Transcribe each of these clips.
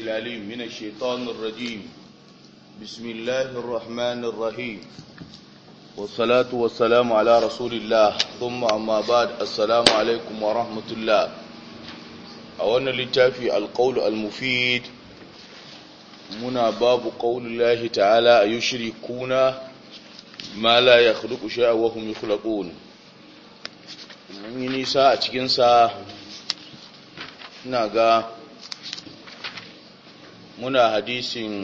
العليم من الشيطان الرجيم بسم الله الرحمن الرحيم والصلاة والسلام على رسول الله ثم أما بعد السلام عليكم ورحمة الله أولا لتافي القول المفيد منا باب قول الله تعالى يشركون ما لا يخلق شيئا وهم يخلقون من نساء تكنسا ناقا muna hadisin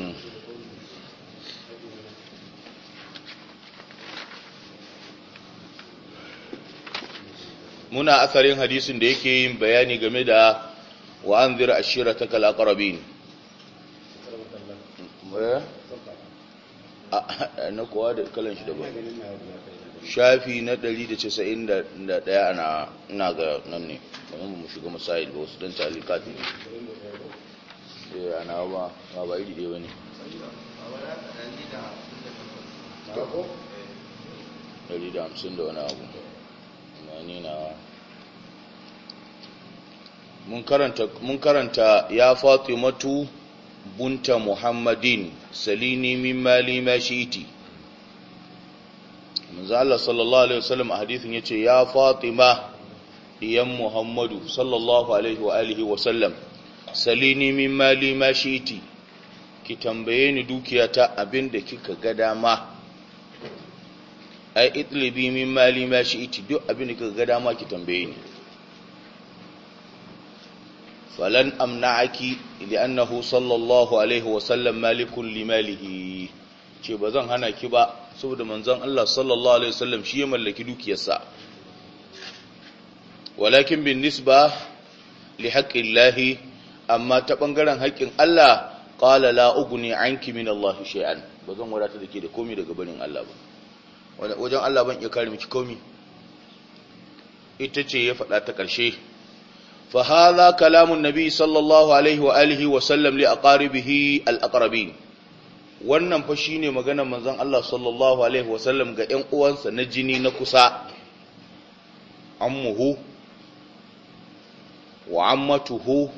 muna akarin hadisin da yake yin bayani game da wa an zira ashira ta kalakarabin eh? na kowa da kalan shi daban shafi na 191 ana ga nan ne wani mu shiga masahil ba wasu don talikat a nawa ba ma ba iri ɗewa ne mun karanta ya matu bunta muhammadin salini min mali ma shi'iti manzo Allah sallallahu alaihi wasallam a ya ce ya fatima diyan muhammadu sallallahu alaihi wa alihi wa sallam salini min mali ma shiti ki tambaye ni dukiyata abin da kika ga dama ai itlibi min mali ma shiti duk abin da kika ga dama ki tambaye ni falan amna'aki li'annahu sallallahu alaihi wa sallam Malikun limalihi ce bazan hana ki ba saboda manzon Allah sallallahu alaihi wasallam shi ya mallaki dukiyarsa walakin bin nisba li haqqillahi amma ta bangaren haƙƙin Allah qala la ugni anki min Allah shay'an bazan wadata dake da komai daga barin Allah ba wajen Allah ban iya kare miki komai ita ce ya faɗa ta ƙarshe fa hadha kalamun nabi sallallahu alaihi wa alihi wa sallam li aqaribihi al aqrabin wannan fa shine maganar manzon Allah sallallahu alaihi wa sallam ga ƴan uwansa na jini na kusa ammuhu wa ammatuhu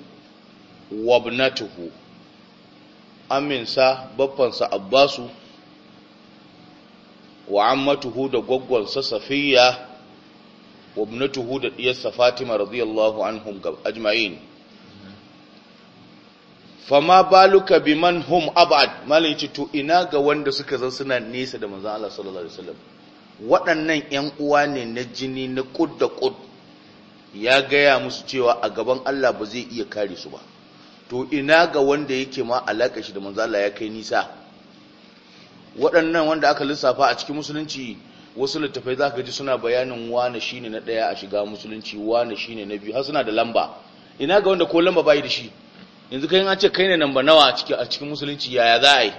wabnatuhu aminsa baffansa abbasu wa ammatuhu da gwaggwansa safiya wabnatuhu da ɗiyarsa fatima radiyallahu anhum ajma'in fama baluka biman hum abad malin to ina ga wanda suka zan suna nesa da manzon Allah sallallahu alaihi wasallam waɗannan ƴan uwa ne na jini na kud da kud ya gaya musu cewa a gaban Allah ba zai iya kare su ba to ina ga wanda yake ma alaƙa shi da Manzala ya kai nisa waɗannan wanda aka lissafa a cikin musulunci wasu littafai za ka ji suna bayanin wane ne na ɗaya a shiga musulunci wane ne na biyu har suna da lamba ina ga wanda ko lamba bai da shi yanzu kai an ce kai ne namba nawa a cikin musulunci yaya za a yi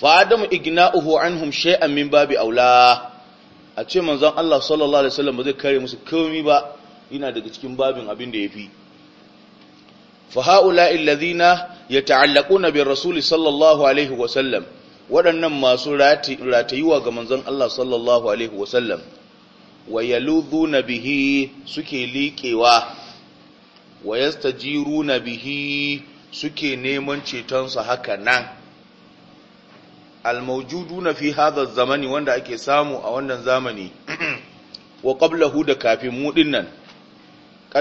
fa'adamu igna'uhu anhum shay'an min babi aula a ce manzan Allah sallallahu alaihi wasallam ba zai kare musu komai ba yana daga cikin babin abin da ya fi. fa ha'ula'i ya yata'allaquna bin rasul sallallahu alaihi wa sallam waɗannan masu ratayuwa ga manzon Allah sallallahu alaihi wa sallam wa bihi suke liƙewa wa yastajiruna bihi suke neman cetonsa haka nan na fi hadha zamani wanda ake samu a wannan zamani wa qablahu da kafin mu nan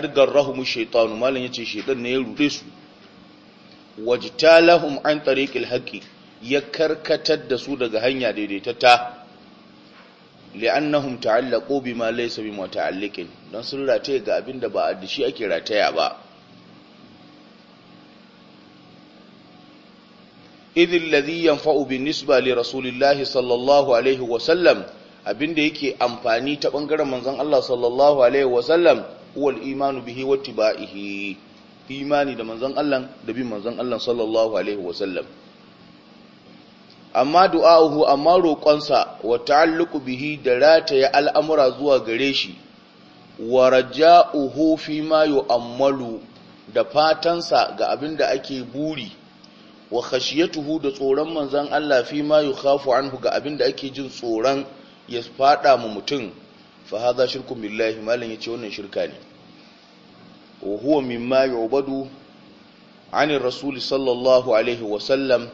qad rahumu shaytanu malan yace shaytan ne ya rude su wajtalahum an tariqil haqqi ya karkatar da su daga hanya daidaitata li'annahum ta'allaqu bima laysa bimuta'alliqin dan sun rataye ga abin da ba a shi ake rataya ba idil ladhi yanfa'u bin nisba li rasulillahi sallallahu wa sallam abinda yake amfani ta bangaren manzon Allah sallallahu wa sallam wal imanu bihi wattiba'ihi imani da manzon Allah da bin manzon Allah sallallahu alaihi sallam amma du'a'uhu amma roƙonsa wa ta'alluqu bihi da rataya al'amura zuwa gare shi wa raja'uhu fi ma yu'ammalu da fatansa ga abin da ake buri wa khashiyatuhu da tsoron manzon Allah fi ma yukhafu anhu ga abin da ake jin tsoron ya fada mu mutum fa hadha shirkun billahi malan yace wannan shirka ne wa huwa mimma yu'badu anir rasul sallallahu alaihi wa sallam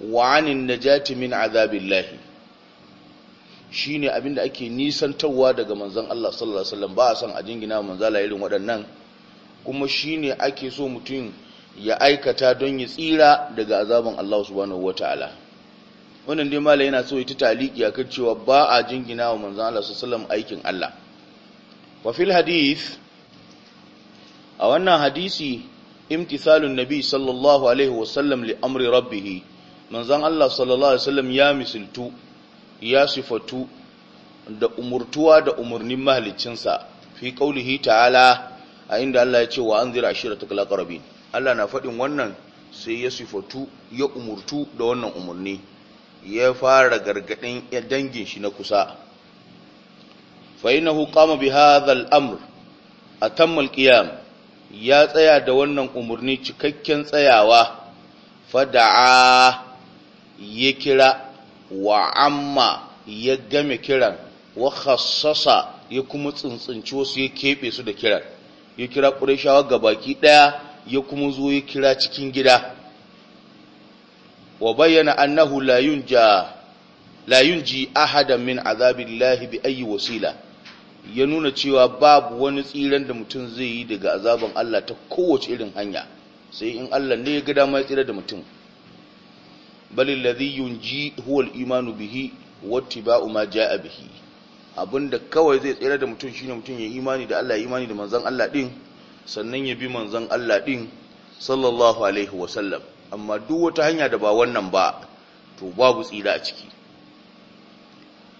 wa anin najati min azabillahi shine abinda ake nisantarwa daga manzon Allah sallallahu alaihi wasallam ba a san a jingina manzala irin waɗannan kuma shine ake so mutum ya aikata don ya tsira daga azaban Allah subhanahu wataala wannan dai malai yana so ita taliki a kan cewa ba a jingina wa manzon Allah sallallahu aikin Allah wa fil hadith a wannan hadisi imtithalun nabi sallallahu alaihi wasallam li amri rabbih manzon Allah sallallahu alaihi wasallam ya misiltu ya sifatu da umurtuwa da umurnin mahaliccinsa fi qaulihi ta'ala a inda Allah ya ce wa anzir ashiratakal aqrabin Allah na faɗin wannan sai ya sifatu ya umurtu da wannan umurni ya fara gargadin dangin shi na kusa fa innahu qama bi hadha al-amr atamma al-qiyam ya tsaya da wannan umurni cikakken tsayawa fada'a ya kira wa amma ya game kiran wa khassasa ya kuma tsintsinci wasu ya keɓe su da kiran ya kira ƙurashawa ga baki ɗaya ya kuma zo ya kira cikin gida wa bayyana annahu la yunja la yunji ahadan min azabillahi bi ayi wasila ya nuna cewa babu wani tsiran da mutum zai yi daga azaban Allah ta kowace irin hanya sai in Allah ne ya ga dama ya tsira da mutum balil ladhi yunji huwa al-imanu bihi wa ittiba'u ma ja'a bihi abinda kawai zai tsira da mutum shine mutum ya imani da Allah imani da manzon Allah din sannan ya bi manzon Allah din sallallahu alaihi wa sallam amma duk wata hanya da ba wannan ba to babu tsira a ciki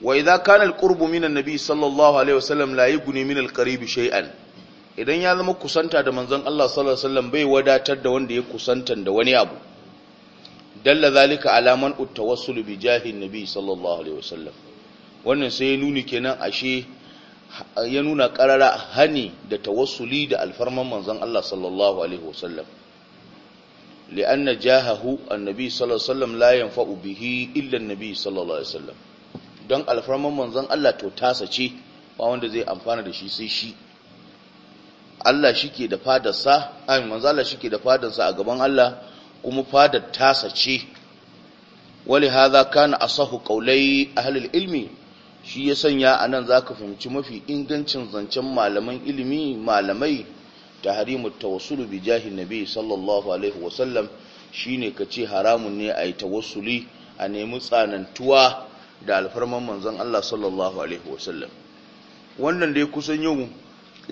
wa idza kana alqurbu minan nabi sallallahu alaihi wasallam la yughni min alqarib shay'an idan ya zama kusanta da manzon Allah sallallahu alaihi wasallam bai wadatar da wanda ya kusanta da wani abu dalla zalika alaman uttawassul bi jahin nabi sallallahu alaihi wasallam wannan sai ya nuni kenan ashe ya nuna karara hani da tawassuli da alfarman manzon Allah sallallahu alaihi wasallam li'anna jahahu annabi sallallahu alaihi wasallam la yanfa'u bihi illa annabi sallallahu alaihi wasallam don alfarman manzon Allah to tasa ce ba wanda zai amfana da shi sai shi Allah shike da fadarsa da fadarsa a gaban Allah kuma fadar tasa ce wali hadha kana asahu qawlai ahli ilmi shi ya sanya anan zaka fahimci mafi ingancin zancen malaman ilimi malamai tahrimu tawassulu bi jahi nabi sallallahu alaihi sallam shine kace haramun ne ayi yi tawassuli a nemi tsanantuwa da alfarman manzon Allah sallallahu alaihi sallam wannan dai kusan yau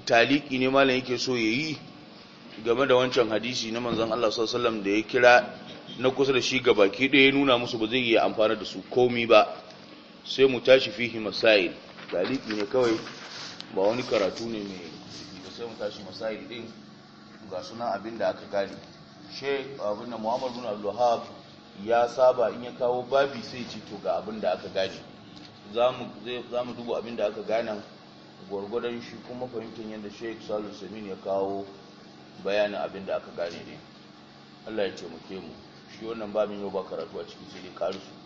taliki ne malam yake so yayi game da wancan hadisi na manzon Allah sallallahu alaihi sallam da ya kira na kusa da shi ga baki ɗaya nuna musu ba zai yi amfana da su komi ba sai mu tashi fihi masail taliki ne kawai ba wani karatu ne mai sai mu tashi masail din ga sunan abin da aka gane she abin da muhammad bin abdulhab ya saba in ya kawo babi sai ci to ga abin da aka gane za mu duba abin da aka gane gwargwadon shi kuma fahimtar yadda sheik salu samin ya kawo bayanin abin da aka gane ne allah ya taimake mu shi wannan babin yau ba karatu a cikin sai dai karusu